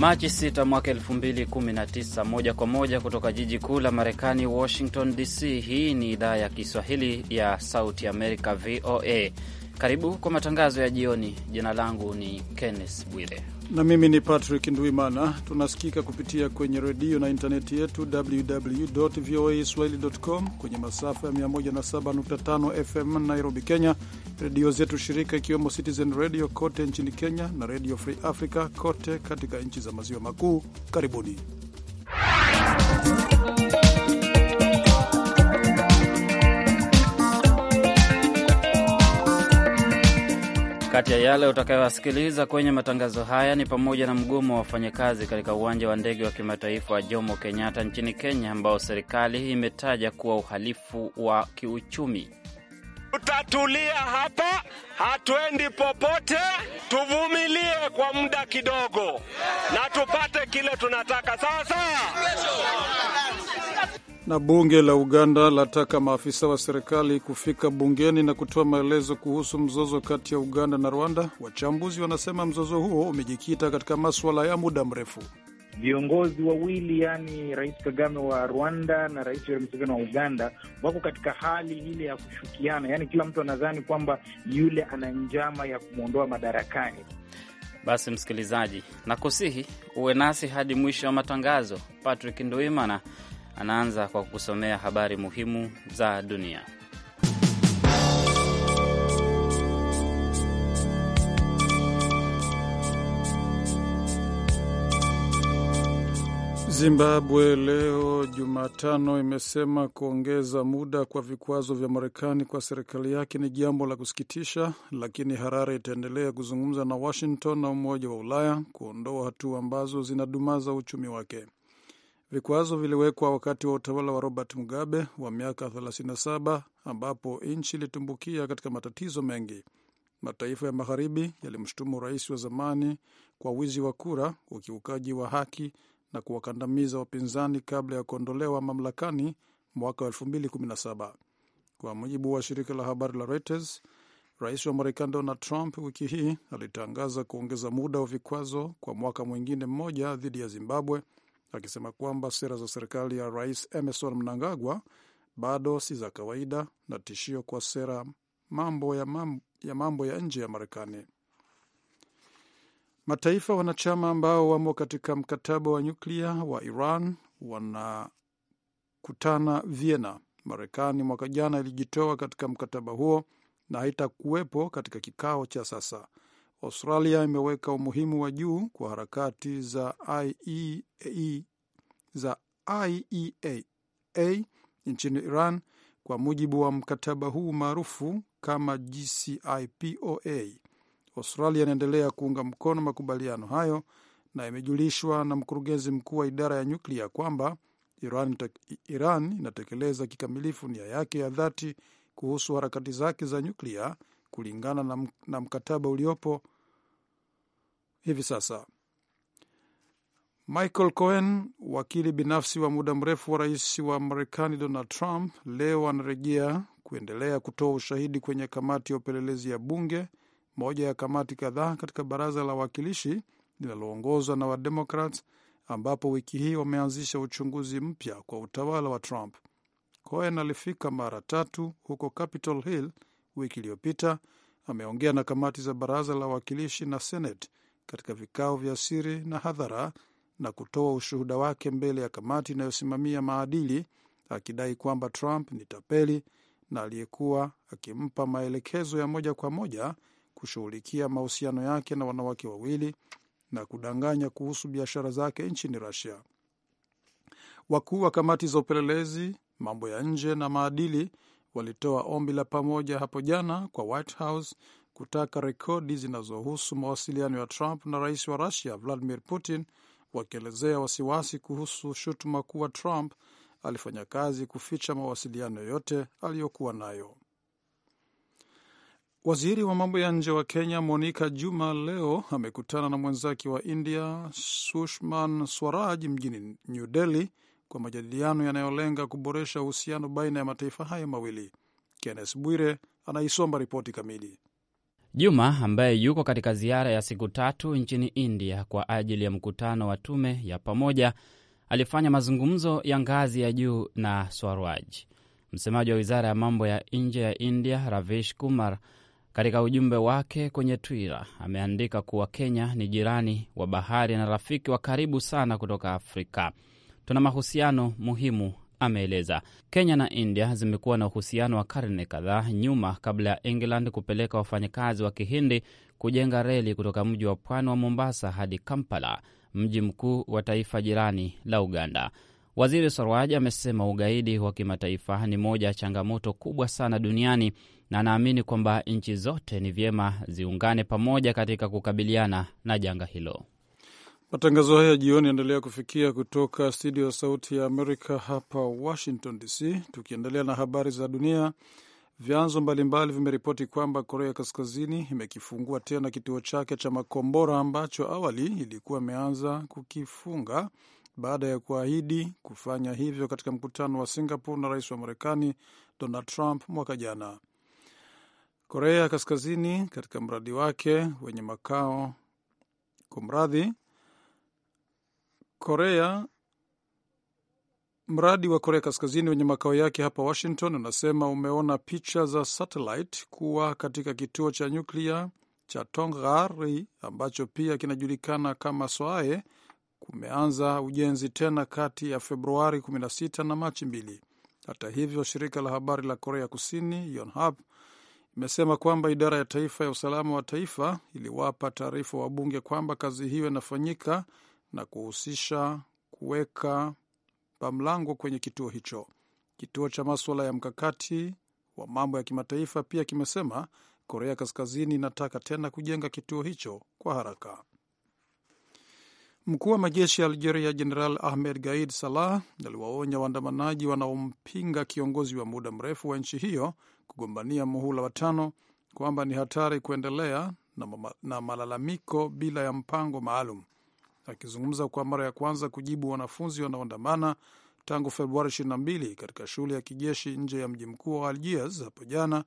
Machi 6 mwaka 2019, moja kwa moja kutoka jiji kuu la Marekani, Washington DC. Hii ni idhaa ya Kiswahili ya Sauti Amerika, VOA. Karibu kwa matangazo ya jioni. Jina langu ni Kenneth Bwire na mimi ni Patrick Ndwimana. Tunasikika kupitia kwenye redio na intaneti yetu www voa swahili.com, kwenye masafa ya 107.5 FM Nairobi, Kenya, redio zetu shirika ikiwemo Citizen Radio kote nchini Kenya na Redio Free Africa kote katika nchi za maziwa makuu. Karibuni Kati ya yale utakayowasikiliza kwenye matangazo haya ni pamoja na mgomo wa wafanyakazi katika uwanja wa ndege wa kimataifa wa Jomo Kenyatta nchini Kenya, ambao serikali imetaja kuwa uhalifu wa kiuchumi. Tutatulia hapa, hatuendi popote, tuvumilie kwa muda kidogo na tupate kile tunataka sawa. Na bunge la Uganda lataka maafisa wa serikali kufika bungeni na kutoa maelezo kuhusu mzozo kati ya Uganda na Rwanda. Wachambuzi wanasema mzozo huo umejikita katika maswala ya muda mrefu. Viongozi wawili yani, Rais Kagame wa Rwanda na Rais Yoweri Museveni wa Uganda wako katika hali ile ya kushukiana, yani kila mtu anadhani kwamba yule ana njama ya kumwondoa madarakani. Basi msikilizaji, nakusihi uwe nasi hadi mwisho wa matangazo. Patrick Nduimana anaanza kwa kusomea habari muhimu za dunia. Zimbabwe leo Jumatano imesema kuongeza muda kwa vikwazo vya Marekani kwa serikali yake ni jambo la kusikitisha, lakini Harare itaendelea kuzungumza na Washington na Umoja wa Ulaya kuondoa hatua ambazo zinadumaza uchumi wake. Vikwazo viliwekwa wakati wa utawala wa Robert Mugabe wa miaka 37 ambapo nchi ilitumbukia katika matatizo mengi. Mataifa ya magharibi yalimshutumu rais wa zamani kwa wizi wa kura, ukiukaji wa haki na kuwakandamiza wapinzani kabla ya kuondolewa mamlakani mwaka wa 2017. Kwa mujibu wa shirika la habari la Reuters, rais wa Marekani Donald Trump wiki hii alitangaza kuongeza muda wa vikwazo kwa mwaka mwingine mmoja dhidi ya Zimbabwe akisema kwamba sera za serikali ya Rais Emerson Mnangagwa bado si za kawaida na tishio kwa sera mambo ya mambo ya mambo ya nje ya Marekani. Mataifa wanachama ambao wamo katika mkataba wa nyuklia wa Iran wanakutana Vienna. Marekani mwaka jana ilijitoa katika mkataba huo na haitakuwepo katika kikao cha sasa. Australia imeweka umuhimu wa juu kwa harakati za IEA, za IEAA nchini Iran kwa mujibu wa mkataba huu maarufu kama JCPOA. Australia inaendelea kuunga mkono makubaliano hayo na imejulishwa na mkurugenzi mkuu wa idara ya nyuklia kwamba Iran inatekeleza kikamilifu nia yake ya dhati kuhusu harakati zake za nyuklia kulingana na, na mkataba uliopo hivi sasa. Michael Cohen, wakili binafsi wa muda mrefu wa rais wa Marekani Donald Trump, leo anarejea kuendelea kutoa ushahidi kwenye kamati ya upelelezi ya bunge, moja ya kamati kadhaa katika baraza la wawakilishi linaloongozwa na Wademokrat, ambapo wiki hii wameanzisha uchunguzi mpya kwa utawala wa Trump. Cohen alifika mara tatu huko Capitol Hill wiki iliyopita ameongea na kamati za baraza la wawakilishi na Senate katika vikao vya siri na hadhara na kutoa ushuhuda wake mbele ya kamati inayosimamia maadili akidai kwamba Trump ni tapeli na aliyekuwa akimpa maelekezo ya moja kwa moja kushughulikia mahusiano yake na wanawake wawili na kudanganya kuhusu biashara zake nchini rusia Wakuu wa kamati za upelelezi, mambo ya nje na maadili walitoa ombi la pamoja hapo jana kwa White House kutaka rekodi zinazohusu mawasiliano ya Trump na rais wa Rusia Vladimir Putin, wakielezea wasiwasi kuhusu shutuma kuwa Trump alifanya kazi kuficha mawasiliano yote aliyokuwa nayo. Waziri wa mambo ya nje wa Kenya Monica Juma leo amekutana na mwenzake wa India Sushman Swaraj mjini New Delhi kwa majadiliano yanayolenga kuboresha uhusiano baina ya mataifa hayo mawili. Kennes Bwire anaisomba ripoti kamili. Juma ambaye yuko katika ziara ya siku tatu nchini India kwa ajili ya mkutano wa tume ya pamoja alifanya mazungumzo ya ngazi ya juu na Swaraj. Msemaji wa wizara ya mambo ya nje ya India, Ravish Kumar, katika ujumbe wake kwenye Twitter ameandika kuwa Kenya ni jirani wa bahari na rafiki wa karibu sana kutoka Afrika tuna mahusiano muhimu, ameeleza. Kenya na India zimekuwa na uhusiano wa karne kadhaa nyuma, kabla ya England kupeleka wafanyakazi wa Kihindi kujenga reli kutoka mji wa pwani wa Mombasa hadi Kampala, mji mkuu wa taifa jirani la Uganda. Waziri Sarwaji amesema ugaidi wa kimataifa ni moja ya changamoto kubwa sana duniani na anaamini kwamba nchi zote ni vyema ziungane pamoja katika kukabiliana na janga hilo. Matangazo haya jioni yaendelea kufikia kutoka studio ya Sauti ya Amerika hapa Washington DC. Tukiendelea na habari za dunia, vyanzo mbalimbali vimeripoti kwamba Korea Kaskazini imekifungua tena kituo chake cha makombora ambacho awali ilikuwa imeanza kukifunga baada ya kuahidi kufanya hivyo katika mkutano wa Singapore na rais wa Marekani Donald Trump mwaka jana. Korea Kaskazini katika mradi wake wenye makao kumradhi Korea mradi wa Korea Kaskazini wenye makao yake hapa Washington unasema umeona picha za satellite kuwa katika kituo cha nyuklia cha Tongari ambacho pia kinajulikana kama Soae kumeanza ujenzi tena kati ya Februari 16 na Machi 2. Hata hivyo, shirika la habari la Korea Kusini Yonhap imesema kwamba idara ya taifa ya usalama wa taifa iliwapa taarifa wabunge kwamba kazi hiyo inafanyika na kuhusisha kuweka pamlango kwenye kituo hicho. Kituo cha maswala ya mkakati wa mambo ya kimataifa pia kimesema Korea Kaskazini inataka tena kujenga kituo hicho kwa haraka. Mkuu wa majeshi ya Algeria Jeneral Ahmed Gaid Salah aliwaonya waandamanaji wanaompinga kiongozi wa muda mrefu wa nchi hiyo kugombania muhula wa tano kwamba ni hatari kuendelea na, mama, na malalamiko bila ya mpango maalum. Akizungumza kwa mara ya kwanza kujibu wanafunzi wanaoandamana tangu Februari 22 katika shule ya kijeshi nje ya mji mkuu wa Algiers hapo jana,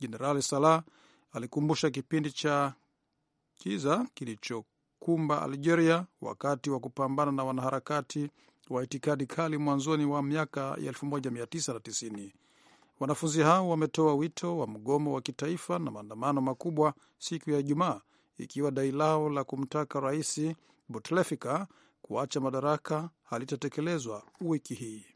Jenerali Salah alikumbusha kipindi cha kiza kilichokumba Algeria wakati wa kupambana na wanaharakati wa itikadi kali mwanzoni wa miaka ya 1990. Wanafunzi hao wametoa wito wa mgomo wa kitaifa na maandamano makubwa siku ya Ijumaa ikiwa dai lao la kumtaka rais Bouteflika kuacha madaraka halitatekelezwa wiki hii.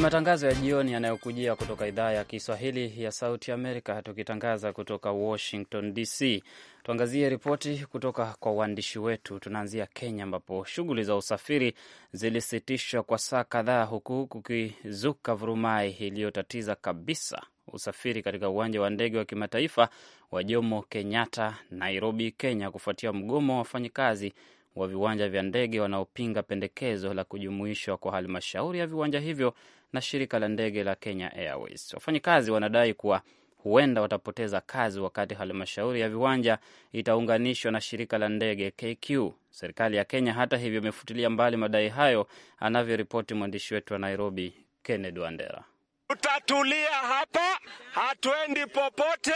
Ni matangazo ya jioni yanayokujia kutoka idhaa ya Kiswahili ya Sauti Amerika, tukitangaza kutoka Washington DC. Tuangazie ripoti kutoka kwa waandishi wetu. Tunaanzia Kenya, ambapo shughuli za usafiri zilisitishwa kwa saa kadhaa, huku kukizuka vurumai iliyotatiza kabisa usafiri katika uwanja wa ndege wa kimataifa wa Jomo Kenyatta, Nairobi, Kenya, kufuatia mgomo wa wafanyikazi wa viwanja vya ndege wanaopinga pendekezo la kujumuishwa kwa halmashauri ya viwanja hivyo na shirika la ndege la Kenya Airways. Wafanyakazi wanadai kuwa huenda watapoteza kazi wakati halmashauri ya viwanja itaunganishwa na shirika la ndege KQ. Serikali ya Kenya hata hivyo imefutilia mbali madai hayo, anavyoripoti mwandishi wetu wa Nairobi, Kennedy Wandera. Tutatulia hapa, hatuendi popote,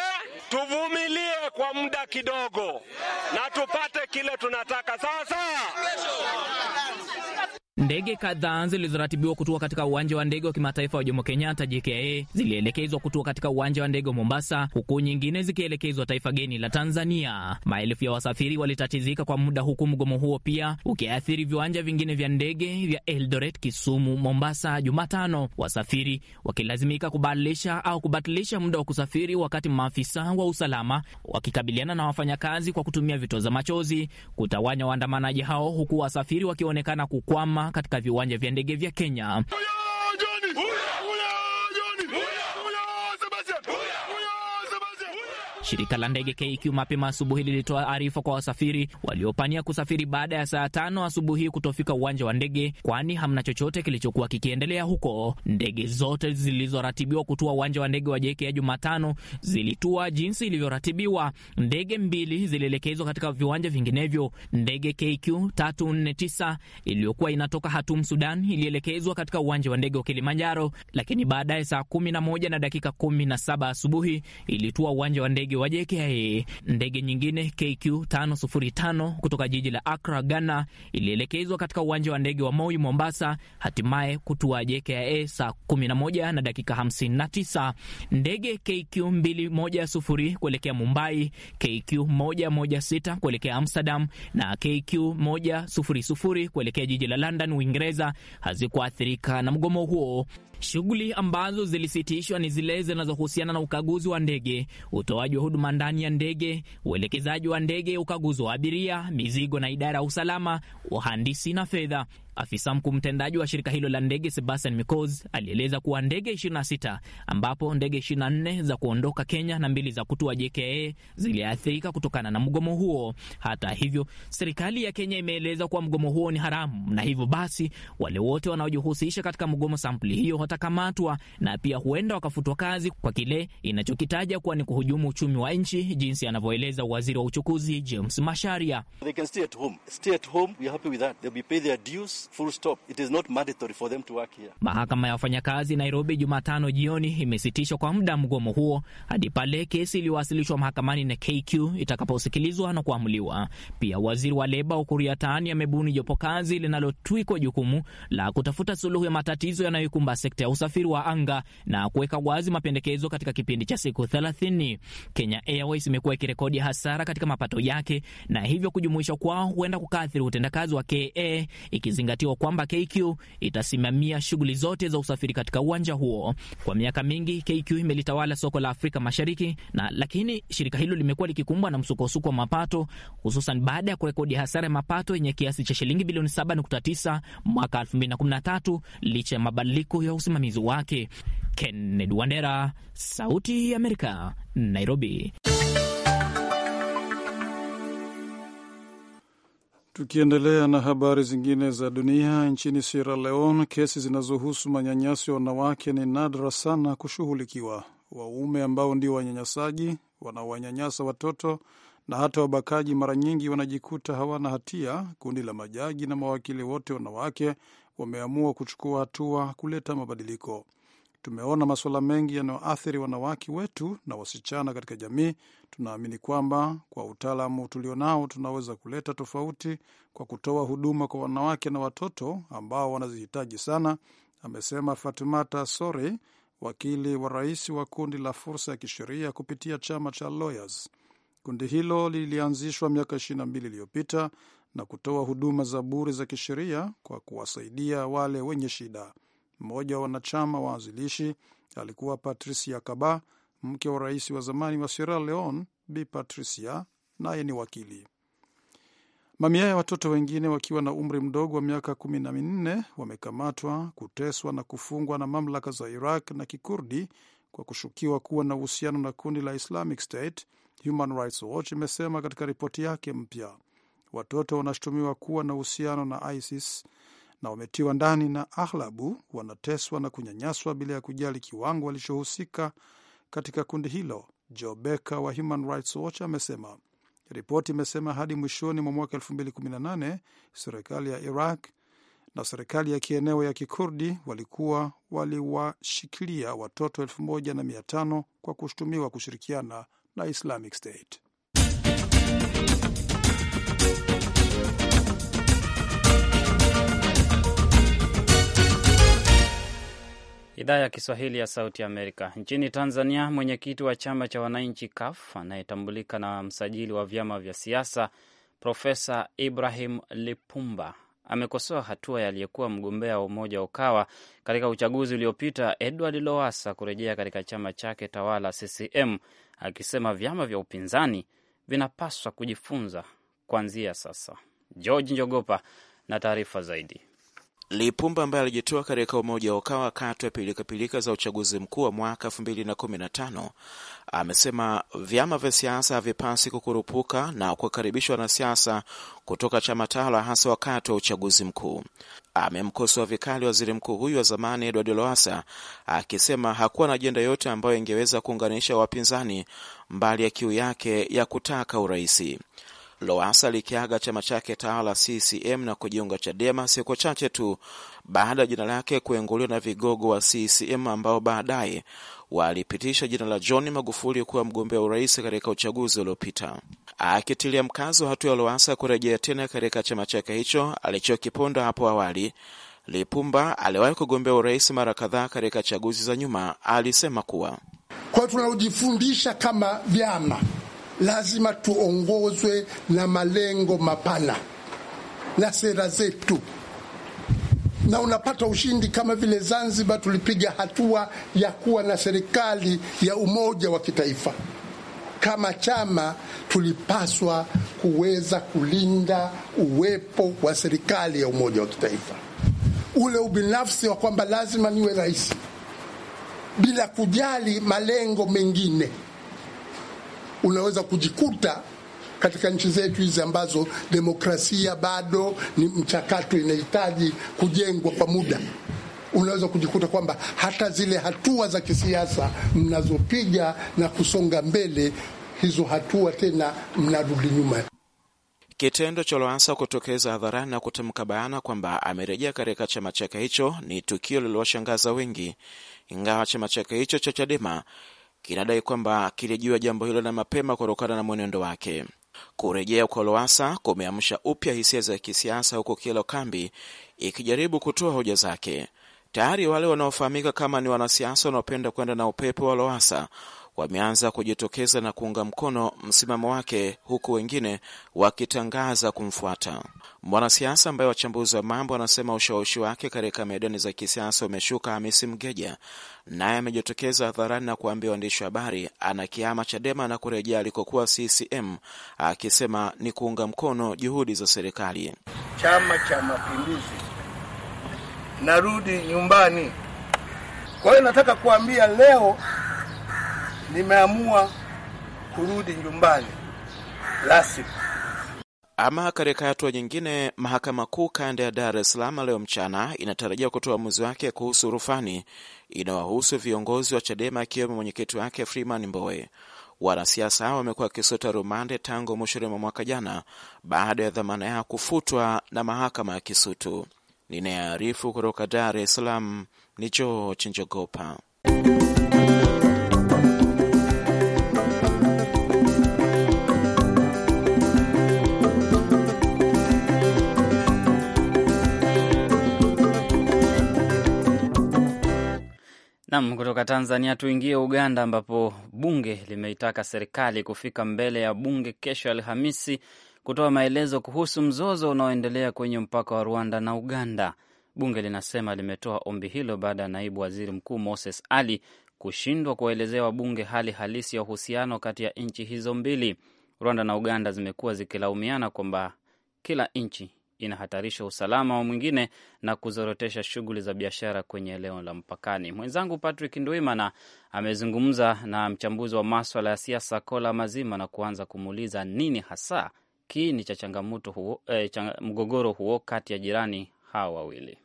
tuvumilie kwa muda kidogo na tupate kile tunataka. Sawa sawa. Ndege kadhaa zilizoratibiwa kutua katika uwanja wa ndege wa kimataifa wa Jomo Kenyatta JKA zilielekezwa kutua katika uwanja wa ndege wa Mombasa, huku nyingine zikielekezwa taifa geni la Tanzania. Maelfu ya wasafiri walitatizika kwa muda, huku mgomo huo pia ukiathiri viwanja vingine vya ndege vya Eldoret, Kisumu, Mombasa. Jumatano wasafiri wakilazimika kubadilisha au kubatilisha muda wa kusafiri, wakati maafisa wa usalama wakikabiliana na wafanyakazi kwa kutumia vitoza machozi kutawanya waandamanaji hao, huku wasafiri wakionekana kukwama katika viwanja vya ndege vya Kenya. Shirika la ndege KQ mapema asubuhi lilitoa arifa kwa wasafiri waliopania kusafiri baada ya saa tano asubuhi kutofika uwanja wa ndege, kwani hamna chochote kilichokuwa kikiendelea huko. Ndege zote zilizoratibiwa kutua uwanja wa ndege wa JKIA Jumatano zilitua jinsi ilivyoratibiwa. Ndege mbili zilielekezwa katika viwanja vinginevyo. Ndege KQ 349 iliyokuwa inatoka Hatum, Sudan, ilielekezwa katika uwanja wa ndege wa Kilimanjaro, lakini baadaye saa 11 na dakika 17 asubuhi ilitua uwanja wa ndege ndege wa JKIA. Ndege nyingine KQ 505 kutoka jiji la Accra, Ghana, ilielekezwa katika uwanja wa ndege wa Moi, Mombasa, hatimaye kutua JKIA saa 11 na dakika 59. Ndege KQ 210 kuelekea Mumbai, KQ 116 kuelekea Amsterdam na KQ 100 kuelekea jiji la London, Uingereza hazikuathirika na mgomo huo. Shughuli ambazo zilisitishwa ni zile zinazohusiana na ukaguzi wa ndege, utoaji wa huduma ndani ya ndege, uelekezaji wa ndege, ukaguzi wa abiria, mizigo na idara ya usalama, uhandisi na fedha. Afisa mkuu mtendaji wa shirika hilo la ndege Sebastian micos alieleza kuwa ndege 26 ambapo ndege 24 za kuondoka Kenya na mbili za kutua JKA ziliathirika kutokana na mgomo huo. Hata hivyo, serikali ya Kenya imeeleza kuwa mgomo huo ni haramu na hivyo basi wale wote wanaojihusisha katika mgomo sampuli hiyo watakamatwa na pia huenda wakafutwa kazi kwa kile inachokitaja kuwa ni kuhujumu uchumi wa nchi, jinsi anavyoeleza waziri wa uchukuzi James Masharia. They can stay at home. Stay at home. We are happy with that. their dues full stop. It is not mandatory for them to work here. Mahakama ya wafanyakazi Nairobi Jumatano jioni imesitishwa kwa muda mgomo huo hadi pale kesi iliyowasilishwa mahakamani na KQ itakaposikilizwa na kuamuliwa. Pia waziri wa leba Ukur Tani amebuni jopo kazi linalotwikwa jukumu la kutafuta suluhu ya matatizo yanayoikumba sekta ya usafiri wa anga na kuweka wazi mapendekezo katika kipindi cha siku 30. Kenya Airways imekuwa ikirekodi hasara katika mapato yake na hivyo kujumuishwa kwao huenda kukaathiri utendakazi wa KA ikizingatia ikizingatiwa kwamba KQ itasimamia shughuli zote za usafiri katika uwanja huo. Kwa miaka mingi, KQ imelitawala soko la Afrika Mashariki na lakini shirika hilo limekuwa likikumbwa na msukosuko wa mapato, hususan baada ya kurekodi hasara ya mapato yenye kiasi cha shilingi bilioni 7.9 mwaka 2013 licha ya mabadiliko ya usimamizi wake. Kennedy Wandera, Sauti ya Amerika, Nairobi. Tukiendelea na habari zingine za dunia, nchini Sierra Leone kesi zinazohusu manyanyaso ya wanawake ni nadra sana kushughulikiwa. Waume ambao ndio wanyanyasaji wanaowanyanyasa watoto na hata wabakaji mara nyingi wanajikuta hawana hatia. Kundi la majaji na mawakili wote wanawake wameamua kuchukua hatua kuleta mabadiliko. Tumeona masuala mengi yanayoathiri wanawake wetu na wasichana katika jamii. Tunaamini kwamba kwa utaalamu tulionao tunaweza kuleta tofauti kwa kutoa huduma kwa wanawake na watoto ambao wanazihitaji sana, amesema fatimata sori wakili wa rais wa kundi la Fursa ya Kisheria kupitia chama cha Lawyers. Kundi hilo lilianzishwa miaka 22 iliyopita na kutoa huduma za bure za kisheria kwa kuwasaidia wale wenye shida. Mmoja wa wanachama waanzilishi alikuwa Patricia Kaba, mke wa rais wa zamani wa Sierra Leone Bi Patricia, naye ni wakili. Mamia ya watoto wengine wakiwa na umri mdogo wa miaka kumi na minne wamekamatwa, kuteswa na kufungwa na mamlaka za Iraq na Kikurdi kwa kushukiwa kuwa na uhusiano na kundi la Islamic State. Human Rights Watch imesema katika ripoti yake mpya, watoto wanashutumiwa kuwa na uhusiano na ISIS na wametiwa ndani na aghlabu wanateswa na kunyanyaswa bila ya kujali kiwango walichohusika katika kundi hilo. Joe Becker wa Human Rights Watch amesema ripoti imesema hadi mwishoni mwa mwaka 2018 serikali ya Iraq na serikali ya kieneo ya kikurdi walikuwa waliwashikilia watoto elfu moja na mia tano kwa kushutumiwa kushirikiana na Islamic State. Idhaa ya Kiswahili ya Sauti ya Amerika. Nchini Tanzania, mwenyekiti wa chama cha wananchi KAF anayetambulika na msajili wa vyama vya siasa Profesa Ibrahim Lipumba amekosoa hatua ya aliyekuwa mgombea wa umoja wa Ukawa katika uchaguzi uliopita Edward Lowassa kurejea katika chama chake tawala CCM, akisema vyama vya upinzani vinapaswa kujifunza kuanzia sasa. George Njogopa na taarifa zaidi. Lipumba ambaye alijitoa katika umoja wa Ukawa wakati wa pilikapilika za uchaguzi mkuu wa mwaka 2015 amesema vyama vya siasa havipasi kukurupuka na na wanasiasa kutoka chama tawala, hasa wakati wa uchaguzi mkuu. Amemkosoa vikali waziri mkuu huyu wa zamani Edward Lowassa akisema hakuwa na ajenda yote ambayo ingeweza kuunganisha wapinzani mbali ya kiu yake ya kutaka uraisi. Lowasa alikiaga chama chake tawala CCM na kujiunga Chadema siku chache tu baada ya jina lake kuenguliwa na vigogo wa CCM ambao baadaye walipitisha jina la John Magufuli kuwa mgombea urais katika uchaguzi uliopita. Akitilia mkazo hatua ya Lowasa kurejea tena katika chama chake hicho alichokiponda hapo awali, Lipumba aliwahi kugombea urais mara kadhaa katika chaguzi za nyuma. Alisema kuwa kwao tunalojifundisha kama vyama lazima tuongozwe na malengo mapana na sera zetu, na unapata ushindi kama vile Zanzibar tulipiga hatua ya kuwa na serikali ya umoja wa kitaifa. Kama chama tulipaswa kuweza kulinda uwepo wa serikali ya umoja wa kitaifa, ule ubinafsi wa kwamba lazima niwe rais bila kujali malengo mengine unaweza kujikuta katika nchi zetu hizi ambazo demokrasia bado ni mchakato, inahitaji kujengwa kwa muda, unaweza kujikuta kwamba hata zile hatua za kisiasa mnazopiga na kusonga mbele, hizo hatua tena mnarudi nyuma. Kitendo cha Loansa kutokeza hadharani na kutamka bayana kwamba amerejea katika chama chake hicho ni tukio lililoshangaza wengi, ingawa chama chake hicho cha Chadema kinadai kwamba kilijua jambo hilo la mapema kutokana na mwenendo wake. Kurejea kwa loasa kumeamsha upya hisia za kisiasa, huku kila kambi ikijaribu kutoa hoja zake. Tayari wale wanaofahamika kama ni wanasiasa wanaopenda kwenda na upepo wa loasa wameanza kujitokeza na kuunga mkono msimamo wake, huku wengine wakitangaza kumfuata. Mwanasiasa ambaye wachambuzi wa mambo anasema ushawishi wake katika medani za kisiasa umeshuka, Hamisi Mgeja naye amejitokeza hadharani na kuambia waandishi wa habari ana kiama Chadema na kurejea alikokuwa CCM, akisema ni kuunga mkono juhudi za serikali. Chama cha Mapinduzi, narudi nyumbani. Kwa hiyo nataka kuambia leo nimeamua kurudi nyumbani rasmi. Ama katika hatua nyingine, mahakama kuu kanda ya Dar es Salaam leo mchana inatarajia kutoa uamuzi wake kuhusu rufani inawahusu viongozi wa CHADEMA akiwemo mwenyekiti wake Freeman Mbowe. Wanasiasa hao wamekuwa wakisota rumande tangu mwishoni mwa mwaka jana baada ya dhamana yao kufutwa na mahakama ya Kisutu. Ninayearifu kutoka Dar es Salaam ni George Njogopa. Nam, kutoka Tanzania tuingie Uganda, ambapo bunge limeitaka serikali kufika mbele ya bunge kesho Alhamisi kutoa maelezo kuhusu mzozo unaoendelea kwenye mpaka wa Rwanda na Uganda. Bunge linasema limetoa ombi hilo baada ya naibu waziri mkuu Moses Ali kushindwa kuwaelezea wabunge hali halisi ya uhusiano kati ya nchi hizo mbili. Rwanda na Uganda zimekuwa zikilaumiana kwamba kila nchi inahatarisha usalama wa mwingine na kuzorotesha shughuli za biashara kwenye eneo la mpakani. Mwenzangu Patrick Ndwimana amezungumza na mchambuzi wa maswala ya siasa Kola Mazima na kuanza kumuuliza nini hasa kiini cha changamoto huo, eh, chang mgogoro huo kati ya jirani hawa wawili.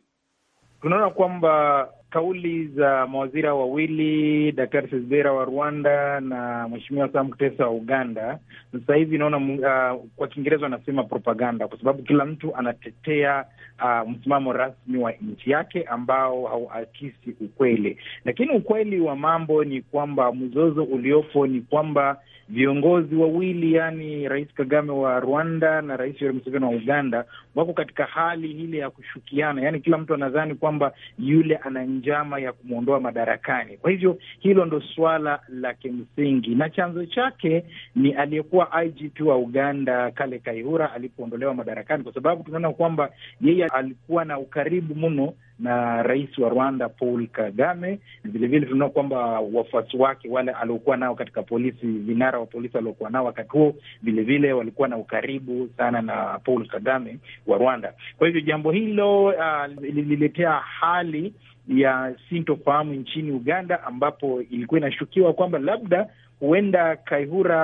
Tunaona kwamba kauli za mawaziri wawili Daktari Sesbera wa Rwanda na Mheshimiwa Sam Kutesa wa Uganda, sasa hivi naona uh, kwa Kiingereza wanasema propaganda, kwa sababu kila mtu anatetea uh, msimamo rasmi wa nchi yake ambao hauakisi ukweli. Lakini ukweli wa mambo ni kwamba mzozo uliopo ni kwamba viongozi wawili, yaani Rais Kagame wa Rwanda na Rais Yoweri Museveni wa Uganda, wako katika hali ile ya kushukiana, yaani kila mtu anadhani kwamba yule ana njama ya kumwondoa madarakani. Kwa hivyo hilo ndo suala la kimsingi, na chanzo chake ni aliyekuwa IGP wa Uganda Kale Kaihura alipoondolewa madarakani, kwa sababu tunaona kwamba yeye alikuwa na ukaribu mno na rais wa Rwanda Paul Kagame. Vilevile tunaona kwamba wafuasi wake wale aliokuwa nao katika polisi, vinara wa polisi aliokuwa nao wakati huo, vilevile walikuwa na ukaribu sana na Paul Kagame wa Rwanda. Kwa hivyo jambo hilo uh, lililetea hali ya sintofahamu nchini Uganda, ambapo ilikuwa inashukiwa kwamba labda huenda Kaihura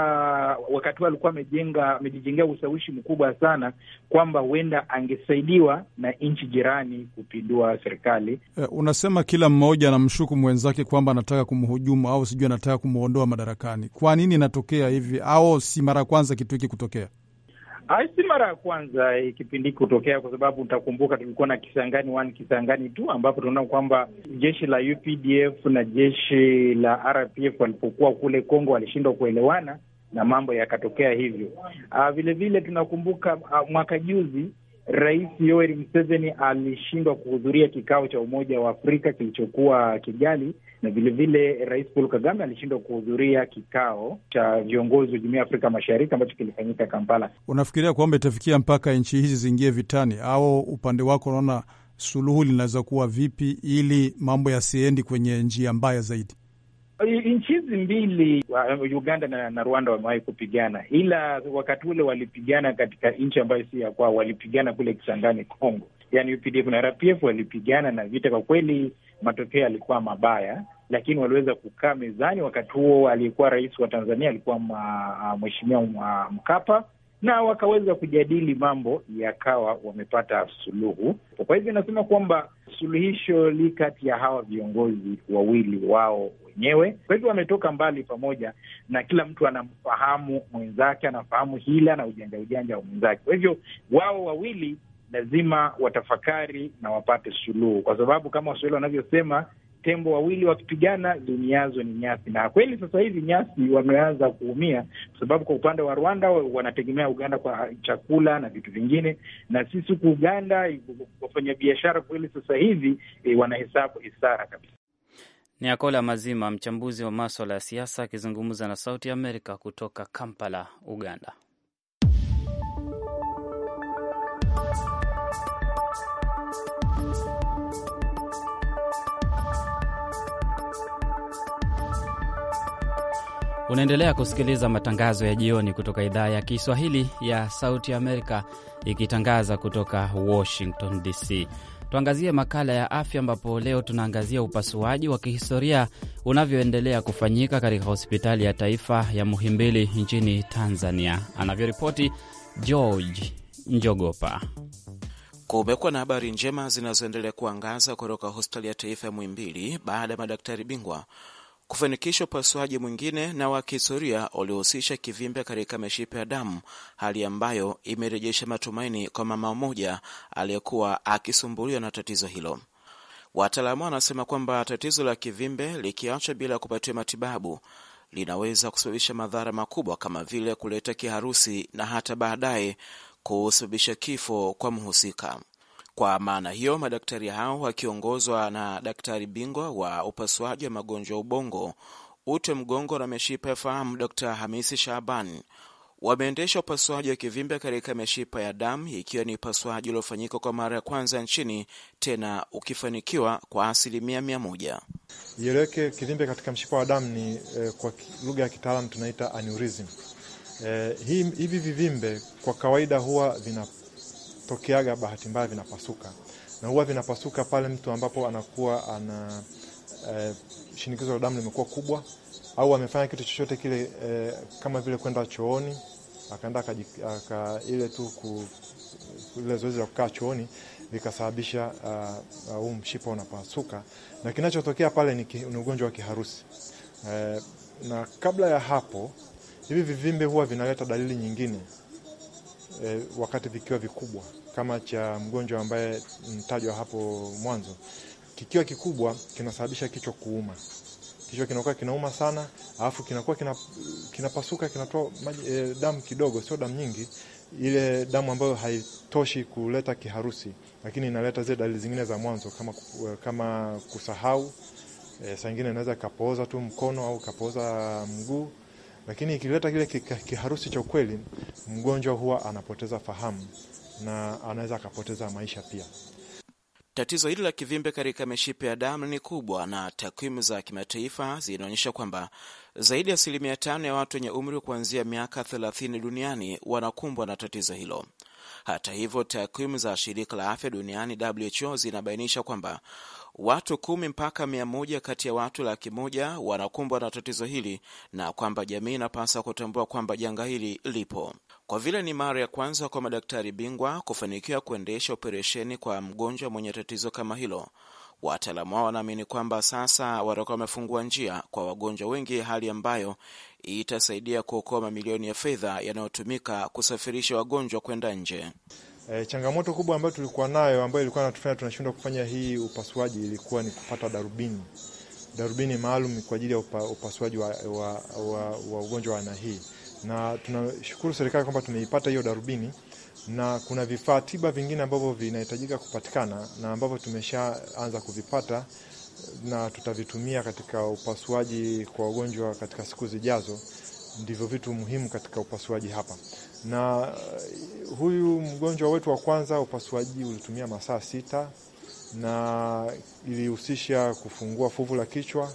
wakati huo alikuwa amejenga amejijengea ushawishi mkubwa sana kwamba huenda angesaidiwa na nchi jirani kupindua serikali. Eh, unasema kila mmoja anamshuku mwenzake kwamba anataka kumhujumu au sijui anataka kumwondoa madarakani. Kwa nini inatokea hivi? Au si mara ya kwanza kitu hiki kutokea? Si mara ya kwanza kipindi kutokea, kwa sababu utakumbuka tulikuwa na Kisangani one Kisangani tu, ambapo tunaona kwamba jeshi la UPDF na jeshi la RPF walipokuwa kule Kongo walishindwa kuelewana na mambo yakatokea hivyo. Vilevile ah, tunakumbuka ah, mwaka juzi Rais Yoweri Museveni alishindwa kuhudhuria kikao cha Umoja wa Afrika kilichokuwa Kigali, na vilevile Rais Paul Kagame alishindwa kuhudhuria kikao cha viongozi wa Jumuiya ya Afrika Mashariki ambacho kilifanyika Kampala. Unafikiria kwamba itafikia mpaka nchi hizi ziingie vitani, au upande wako unaona suluhu linaweza kuwa vipi ili mambo yasiendi kwenye njia mbaya zaidi? Nchi hizi mbili Uganda na, na Rwanda wamewahi kupigana, ila wakati ule walipigana katika nchi ambayo si ya kwao. Walipigana kule Kisangani, Congo, yani UPDF na RPF walipigana na vita. Kwa kweli matokeo yalikuwa mabaya, lakini waliweza kukaa mezani. Wakati huo aliyekuwa rais wa Tanzania alikuwa mheshimiwa Mkapa na wakaweza kujadili mambo yakawa wamepata suluhu. Kwa hivyo nasema kwamba suluhisho li kati ya hawa viongozi wawili wao wenyewe. Kwa hivyo wametoka mbali pamoja, na kila mtu anamfahamu mwenzake, anafahamu hila na ujanja ujanja wa mwenzake. Kwa hivyo wao wawili lazima watafakari na wapate suluhu, kwa sababu kama Waswahili wanavyosema tembo wawili wakipigana duniazo ni nyasi. Na kweli sasa hivi nyasi wameanza kuumia, kwa sababu kwa upande wa Rwanda wanategemea Uganda kwa chakula na vitu vingine, na sisi huku Uganda wafanyabiashara kweli sasa hivi e, wanahesabu hisara kabisa. Ni Akola Mazima, mchambuzi wa maswala ya siasa, akizungumza na Sauti Amerika kutoka Kampala, Uganda. Unaendelea kusikiliza matangazo ya jioni kutoka idhaa ya Kiswahili ya Sauti Amerika, ikitangaza kutoka Washington DC tuangazie makala ya afya, ambapo leo tunaangazia upasuaji wa kihistoria unavyoendelea kufanyika katika hospitali ya taifa ya Muhimbili nchini Tanzania, anavyoripoti George Njogopa. Kumekuwa na habari njema zinazoendelea kuangaza kutoka hospitali ya taifa ya Muhimbili baada ya madaktari bingwa kufanikisha upasuaji mwingine na wa kihistoria uliohusisha kivimbe katika mishipa ya damu, hali ambayo imerejesha matumaini kwa mama mmoja aliyekuwa akisumbuliwa na tatizo hilo. Wataalamu wanasema kwamba tatizo la kivimbe likiachwa bila kupatiwa matibabu linaweza kusababisha madhara makubwa kama vile kuleta kiharusi na hata baadaye kusababisha kifo kwa mhusika. Kwa maana hiyo, madaktari hao wakiongozwa na daktari bingwa wa upasuaji wa magonjwa ubongo, ute mgongo na mishipa ya fahamu, Dr. Hamisi Shaban, wameendesha upasuaji wa kivimbe katika mishipa ya damu ikiwa ni upasuaji uliofanyika kwa mara ya kwanza nchini, tena ukifanikiwa kwa asilimia mia moja. Ieleweke, kivimbe katika mshipa wa damu ni eh, kwa lugha ya kitaalam tunaita Eh, hivi vivimbe kwa kawaida huwa vina vinatokeaga bahati mbaya vinapasuka, na huwa vinapasuka pale mtu ambapo anakuwa ana eh, shinikizo la damu limekuwa kubwa au amefanya kitu chochote kile eh, kama vile kwenda chooni akaenda aka, ile tu ku, ile zoezi la kukaa chooni likasababisha ah, ah, huu uh, uh, mshipa unapasuka, na kinachotokea pale ni, ni ugonjwa wa kiharusi eh, na kabla ya hapo hivi vivimbe huwa vinaleta dalili nyingine e, wakati vikiwa vikubwa kama cha mgonjwa ambaye mtajwa hapo mwanzo. Kikiwa kikubwa kinasababisha kichwa kuuma, kichwa kinakuwa kinauma sana, alafu kinakuwa kinapasuka, kina kinatoa e, damu kidogo, sio damu nyingi, ile damu ambayo haitoshi kuleta kiharusi, lakini inaleta zile dalili zingine za mwanzo kama, eh, kama kusahau e, saa ingine inaweza ikapooza tu mkono au kapooza mguu lakini ikileta kile kiharusi cha ukweli, mgonjwa huwa anapoteza fahamu na anaweza akapoteza maisha pia. Tatizo hili la kivimbe katika mishipa ya damu ni kubwa, na takwimu za kimataifa zinaonyesha kwamba zaidi ya asilimia tano ya watu wenye umri kuanzia miaka 30 duniani wanakumbwa na tatizo hilo. Hata hivyo, takwimu za shirika la afya duniani WHO zinabainisha kwamba watu kumi mpaka mia moja kati ya watu laki moja wanakumbwa na tatizo hili na kwamba jamii inapaswa kutambua kwamba janga hili lipo. Kwa vile ni mara ya kwanza kwa madaktari bingwa kufanikiwa kuendesha operesheni kwa mgonjwa mwenye tatizo kama hilo, wataalamu hao wanaamini kwamba sasa watakuwa wamefungua njia kwa wagonjwa wengi, hali ambayo itasaidia kuokoa mamilioni ya fedha yanayotumika kusafirisha wagonjwa kwenda nje. E, changamoto kubwa ambayo tulikuwa nayo ambayo ilikuwa inatufanya tunashindwa kufanya hii upasuaji ilikuwa ni kupata darubini, darubini maalum kwa ajili ya upa, upasuaji wa, wa, wa, wa ugonjwa wa aina hii, na tunashukuru serikali kwamba tumeipata hiyo darubini na kuna vifaa tiba vingine ambavyo vinahitajika kupatikana na ambavyo tumeshaanza kuvipata na tutavitumia katika upasuaji kwa wagonjwa katika siku zijazo. Ndivyo vitu muhimu katika upasuaji hapa na eh, huyu mgonjwa wetu wa kwanza, upasuaji ulitumia masaa sita na ilihusisha kufungua fuvu la kichwa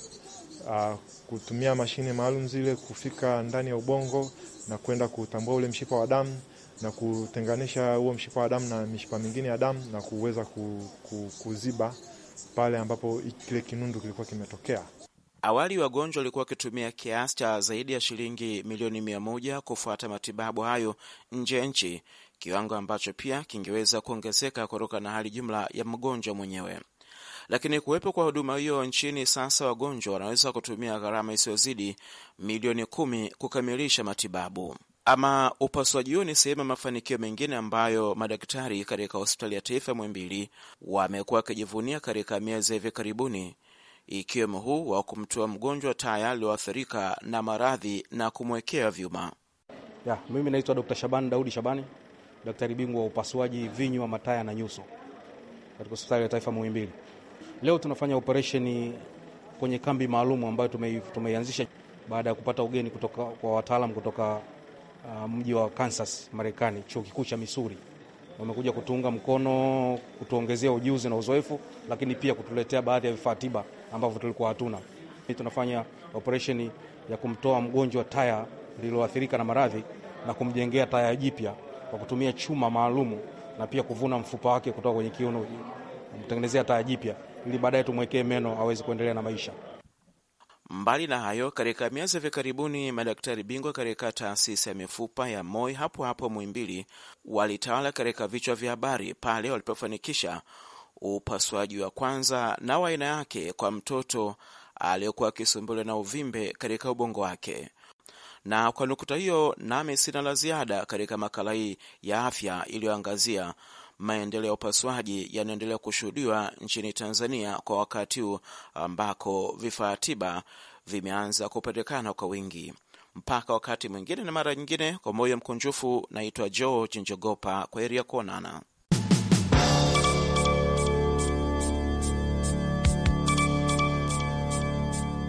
a, ah, kutumia mashine maalum zile kufika ndani ya ubongo na kwenda kutambua ule mshipa wa damu na kutenganisha huo mshipa wa damu na mishipa mingine ya damu na kuweza kuziba pale ambapo kile kinundu kilikuwa kimetokea. Awali wagonjwa walikuwa wakitumia kiasi cha zaidi ya shilingi milioni mia moja kufuata matibabu hayo nje ya nchi, kiwango ambacho pia kingeweza kuongezeka kutoka na hali jumla ya mgonjwa mwenyewe. Lakini kuwepo kwa huduma hiyo nchini, sasa wagonjwa wanaweza kutumia gharama isiyozidi milioni kumi kukamilisha matibabu. Ama upasuaji huo ni sehemu ya mafanikio mengine ambayo madaktari katika hospitali ya taifa Muhimbili wamekuwa wakijivunia katika miezi ya hivi karibuni ikiwemo huu wa kumtoa mgonjwa taya aliyoathirika na maradhi na kumwekea vyuma. Ya, mimi naitwa Dr. shabani Daudi Shabani, daktari bingwa wa upasuaji vinywa, mataya na nyuso katika hospitali ya taifa Muhimbili. Leo tunafanya operesheni kwenye kambi maalum ambayo tumeianzisha baada ya kupata ugeni kutoka kwa wataalam kutoka uh, mji wa Kansas Marekani, chuo kikuu cha misuri wamekuja kutuunga mkono, kutuongezea ujuzi na uzoefu, lakini pia kutuletea baadhi ya vifaa tiba ambavyo tulikuwa hatuna. Tunafanya operesheni ya kumtoa mgonjwa taya lililoathirika na maradhi na kumjengea taya jipya kwa kutumia chuma maalumu na pia kuvuna mfupa wake kutoka kwenye kiuno, kumtengenezea taya jipya ili baadaye tumwekee meno aweze kuendelea na maisha. Mbali na hayo, katika miezi hivi karibuni madaktari bingwa katika taasisi ya mifupa ya MOI hapo hapo Muhimbili walitawala katika vichwa vya habari pale walipofanikisha upasuaji wa kwanza na wa aina yake kwa mtoto aliyekuwa akisumbuliwa na uvimbe katika ubongo wake. Na kwa nukuta hiyo, nami sina la ziada katika makala hii ya afya iliyoangazia maendeleo ya upasuaji yanaendelea kushuhudiwa nchini Tanzania kwa wakati huu ambako vifaa tiba vimeanza kupatikana kwa wingi. Mpaka wakati mwingine na mara nyingine, kwa moyo mkunjufu, naitwa George Njogopa. Kwa heri ya kuonana.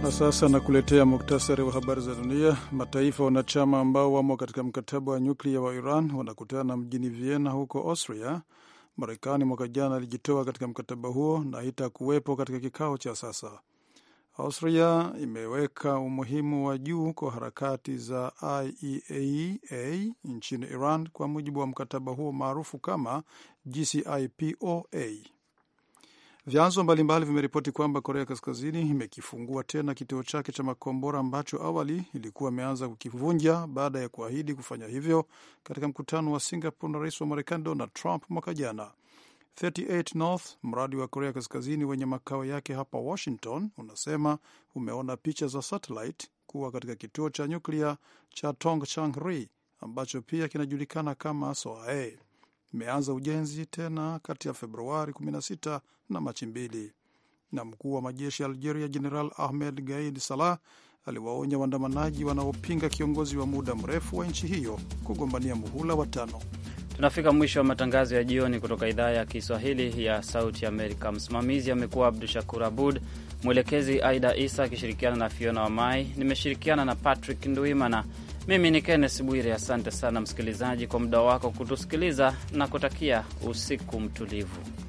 Na sasa nakuletea muktasari wa habari za dunia. Mataifa wanachama ambao wamo katika mkataba wa nyuklia wa Iran wanakutana mjini Vienna huko Austria. Marekani mwaka jana alijitoa katika mkataba huo na kuwepo katika kikao cha sasa. Austria imeweka umuhimu wa juu kwa harakati za IAEA nchini Iran kwa mujibu wa mkataba huo maarufu kama JCPOA. Vyanzo mbalimbali vimeripoti kwamba Korea Kaskazini imekifungua tena kituo chake cha makombora ambacho awali ilikuwa imeanza kukivunja baada ya kuahidi kufanya hivyo katika mkutano wa Singapore na rais wa Marekani Donald Trump mwaka jana. 38 North, mradi wa Korea Kaskazini wenye makao yake hapa Washington, unasema umeona picha za satellite kuwa katika kituo cha nyuklia cha tong ri ambacho pia kinajulikana kama Soae imeanza ujenzi tena kati ya Februari 16 na Machi mbili. Na mkuu wa majeshi ya Algeria Jeneral Ahmed Gaid Salah aliwaonya waandamanaji wanaopinga kiongozi wa muda mrefu wa nchi hiyo kugombania muhula wa tano. Tunafika mwisho wa matangazo ya jioni kutoka idhaa ya Kiswahili ya Sauti Amerika. Msimamizi amekuwa Abdu Shakur Abud, mwelekezi Aida Isa akishirikiana na Fiona Wamai. Nimeshirikiana na Patrick Nduimana. Mimi ni Kennes Bwire. Asante sana msikilizaji kwa muda wako kutusikiliza na kutakia usiku mtulivu.